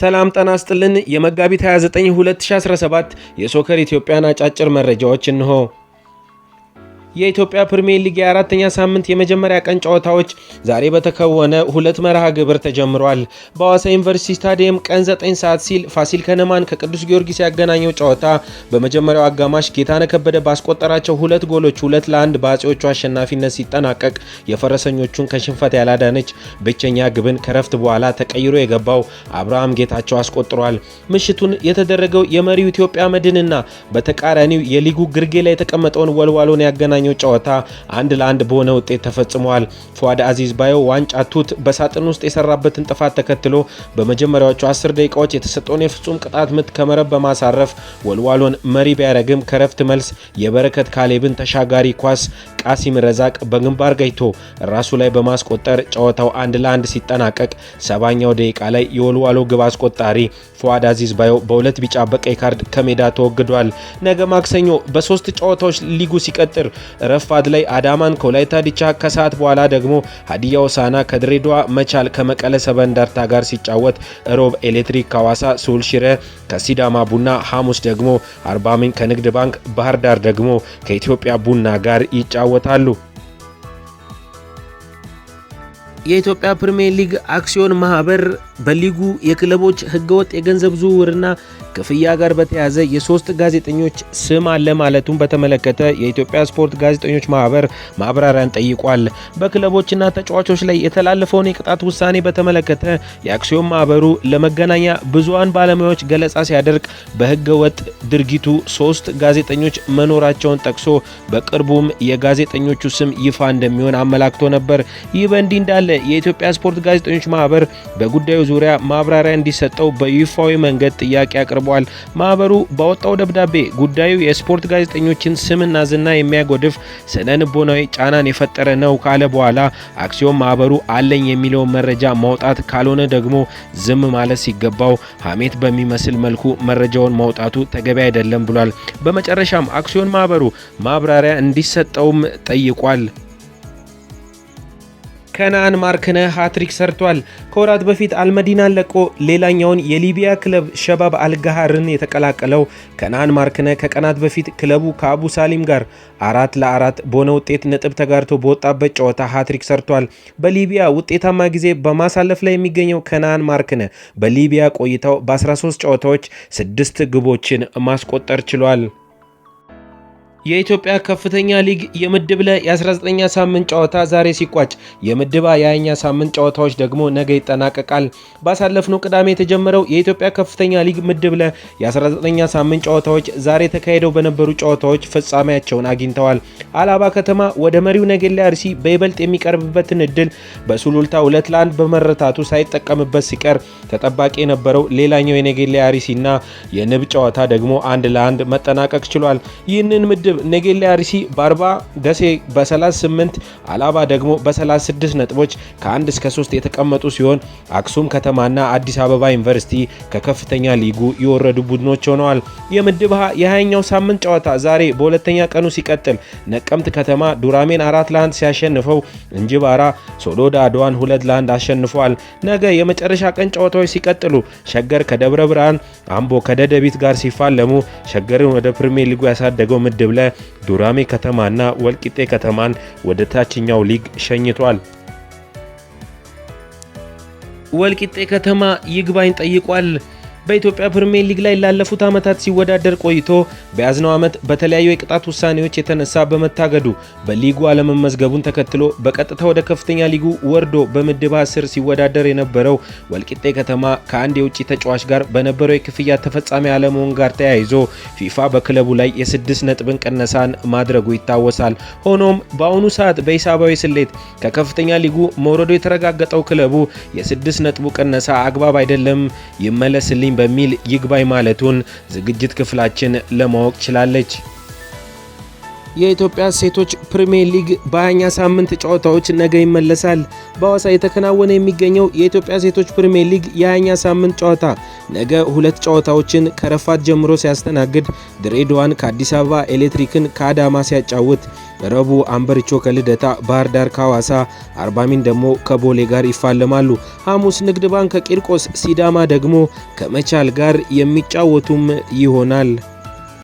ሰላም ጠና ስጥልን። የመጋቢት 29 2017 የሶከር ኢትዮጵያን አጫጭር መረጃዎች እንሆ። የኢትዮጵያ ፕሪሚየር ሊግ የአራተኛ ሳምንት የመጀመሪያ ቀን ጨዋታዎች ዛሬ በተከወነ ሁለት መርሃ ግብር ተጀምሯል። በሐዋሳ ዩኒቨርሲቲ ስታዲየም ቀን 9 ሰዓት ሲል ፋሲል ከነማን ከቅዱስ ጊዮርጊስ ያገናኘው ጨዋታ በመጀመሪያው አጋማሽ ጌታነ ከበደ ባስቆጠራቸው ሁለት ጎሎች ሁለት ለአንድ በአጼዎቹ አሸናፊነት ሲጠናቀቅ የፈረሰኞቹን ከሽንፈት ያላዳነች ብቸኛ ግብን ከረፍት በኋላ ተቀይሮ የገባው አብርሃም ጌታቸው አስቆጥሯል። ምሽቱን የተደረገው የመሪው ኢትዮጵያ መድንና በተቃራኒው የሊጉ ግርጌ ላይ የተቀመጠውን ወልዋሎን ያገናኘ በወሳኙ ጨዋታ አንድ ለአንድ በሆነ ውጤት ተፈጽሟል። ፏድ አዚዝ ባዮ ዋንጫ ቱት በሳጥን ውስጥ የሰራበትን ጥፋት ተከትሎ በመጀመሪያዎቹ 10 ደቂቃዎች የተሰጠውን የፍጹም ቅጣት ምት ከመረብ በማሳረፍ ወልዋሎን መሪ ቢያደረግም ከረፍት መልስ የበረከት ካሌብን ተሻጋሪ ኳስ ቃሲም ረዛቅ በግንባር ገይቶ ራሱ ላይ በማስቆጠር ጨዋታው አንድ ለአንድ ሲጠናቀቅ ሰባኛው ደቂቃ ላይ የወልዋሎ ግብ አስቆጣሪ ፎዋድ አዚዝ ባዮ በሁለት ቢጫ በቀይ ካርድ ከሜዳ ተወግዷል። ነገ ማክሰኞ በሶስት ጨዋታዎች ሊጉ ሲቀጥር ረፋድ ላይ አዳማን ከወላይታ ዲቻ፣ ከሰዓት በኋላ ደግሞ ሀዲያ ሆሳዕና ከድሬዳዋ፣ መቻል ከመቀለ ሰባ እንደርታ ጋር ሲጫወት ሮብ ኤሌክትሪክ ከሐዋሳ፣ ሱል ሽረ ከሲዳማ ቡና፣ ሐሙስ ደግሞ አርባ ምንጭ ከንግድ ባንክ፣ ባህር ዳር ደግሞ ከኢትዮጵያ ቡና ጋር ይጫወ ይጫወታሉ። የኢትዮጵያ ፕሪሚየር ሊግ አክሲዮን ማህበር በሊጉ የክለቦች ህገወጥ የገንዘብ ዝውውርና ክፍያ ጋር በተያያዘ የሶስት ጋዜጠኞች ስም አለ ማለቱን በተመለከተ የኢትዮጵያ ስፖርት ጋዜጠኞች ማህበር ማብራሪያን ጠይቋል። በክለቦችና ተጫዋቾች ላይ የተላለፈውን የቅጣት ውሳኔ በተመለከተ የአክሲዮን ማህበሩ ለመገናኛ ብዙሃን ባለሙያዎች ገለጻ ሲያደርግ በህገወጥ ድርጊቱ ሶስት ጋዜጠኞች መኖራቸውን ጠቅሶ በቅርቡም የጋዜጠኞቹ ስም ይፋ እንደሚሆን አመላክቶ ነበር። ይህ በእንዲህ እንዳለ የኢትዮጵያ ስፖርት ጋዜጠኞች ማህበር በጉዳዩ ዙሪያ ማብራሪያ እንዲሰጠው በይፋዊ መንገድ ጥያቄ አቅርቧል። ማህበሩ ባወጣው ደብዳቤ ጉዳዩ የስፖርት ጋዜጠኞችን ስምና ዝና የሚያጎድፍ ስነ ልቦናዊ ጫናን የፈጠረ ነው ካለ በኋላ አክሲዮን ማህበሩ አለኝ የሚለውን መረጃ ማውጣት ካልሆነ ደግሞ ዝም ማለት ሲገባው ሀሜት በሚመስል መልኩ መረጃውን ማውጣቱ ተገቢ አይደለም ብሏል። በመጨረሻም አክሲዮን ማህበሩ ማብራሪያ እንዲሰጠውም ጠይቋል። ከነአን ማርክነህ ሃትሪክ ሰርቷል። ከወራት በፊት አልመዲናን ለቆ ሌላኛውን የሊቢያ ክለብ ሸባብ አልጋሃርን የተቀላቀለው ከነአን ማርክነህ ከቀናት በፊት ክለቡ ከአቡ ሳሊም ጋር አራት ለአራት በሆነ ውጤት ነጥብ ተጋርቶ በወጣበት ጨዋታ ሃትሪክ ሰርቷል። በሊቢያ ውጤታማ ጊዜ በማሳለፍ ላይ የሚገኘው ከነአን ማርክነህ በሊቢያ ቆይታው በ13 ጨዋታዎች ስድስት ግቦችን ማስቆጠር ችሏል። የኢትዮጵያ ከፍተኛ ሊግ የምድብ ለ የ19ኛ ሳምንት ጨዋታ ዛሬ ሲቋጭ የምድብ አ ሳምንት ጨዋታዎች ደግሞ ነገ ይጠናቀቃል። ባሳለፍነው ቅዳሜ የተጀመረው የኢትዮጵያ ከፍተኛ ሊግ ምድብ ለ የ19ኛ ሳምንት ጨዋታዎች ዛሬ ተካሂደው በነበሩ ጨዋታዎች ፍጻሜያቸውን አግኝተዋል። አላባ ከተማ ወደ መሪው ነገሌ አርሲ በይበልጥ የሚቀርብበትን እድል በሱሉልታ ሁለት ለአንድ በመረታቱ ሳይጠቀምበት ሲቀር ተጠባቂ የነበረው ሌላኛው የነገሌ አርሲና የንብ ጨዋታ ደግሞ አንድ ለአንድ መጠናቀቅ ችሏል። ይህንን ምድብ ምድብ ኔጌላ አርሲ በ40 ደሴ በ38 አላባ ደግሞ በ36 ነጥቦች ከ1 እስከ 3 የተቀመጡ ሲሆን አክሱም ከተማና አዲስ አበባ ዩኒቨርሲቲ ከከፍተኛ ሊጉ የወረዱ ቡድኖች ሆነዋል። የምድብ ሀ የሃያኛው ሳምንት ጨዋታ ዛሬ በሁለተኛ ቀኑ ሲቀጥል ነቀምት ከተማ ዱራሜን አራት ለአንድ ሲያሸንፈው እንጅባራ ሶሎዳ አድዋን ሁለት ለአንድ አሸንፏል። ነገ የመጨረሻ ቀን ጨዋታዎች ሲቀጥሉ ሸገር ከደብረ ብርሃን፣ አምቦ ከደደቢት ጋር ሲፋለሙ ሸገርን ወደ ፕሪሚየር ሊጉ ያሳደገው ምድብ ዱራሜ ከተማና ወልቂጤ ከተማን ወደ ታችኛው ሊግ ሸኝቷል። ወልቂጤ ከተማ ይግባኝ ጠይቋል። በኢትዮጵያ ፕሪሚየር ሊግ ላይ ላለፉት ዓመታት ሲወዳደር ቆይቶ በያዝነው ዓመት በተለያዩ የቅጣት ውሳኔዎች የተነሳ በመታገዱ በሊጉ አለመመዝገቡን ተከትሎ በቀጥታ ወደ ከፍተኛ ሊጉ ወርዶ በምድብ አስር ሲወዳደር የነበረው ወልቂጤ ከተማ ከአንድ የውጭ ተጫዋች ጋር በነበረው የክፍያ ተፈጻሚ አለመሆን ጋር ተያይዞ ፊፋ በክለቡ ላይ የስድስት ነጥብን ቅነሳን ማድረጉ ይታወሳል። ሆኖም በአሁኑ ሰዓት በሂሳባዊ ስሌት ከከፍተኛ ሊጉ መውረዶ የተረጋገጠው ክለቡ የስድስት ነጥቡ ቅነሳ አግባብ አይደለም፣ ይመለስልኝ በሚል ይግባኝ ማለቱን ዝግጅት ክፍላችን ለማወቅ ችላለች። የኢትዮጵያ ሴቶች ፕሪሚየር ሊግ በሃያኛ ሳምንት ጨዋታዎች ነገ ይመለሳል። በሐዋሳ የተከናወነ የሚገኘው የኢትዮጵያ ሴቶች ፕሪሚየር ሊግ የሃያኛ ሳምንት ጨዋታ ነገ ሁለት ጨዋታዎችን ከረፋት ጀምሮ ሲያስተናግድ ድሬዳዋን ከአዲስ አበባ፣ ኤሌክትሪክን ከአዳማ ሲያጫውት፣ ረቡ አንበሪቾ ከልደታ፣ ባህር ዳር ከሐዋሳ፣ አርባሚን ደግሞ ከቦሌ ጋር ይፋለማሉ። ሐሙስ ንግድ ባንክ ከቂርቆስ፣ ሲዳማ ደግሞ ከመቻል ጋር የሚጫወቱም ይሆናል።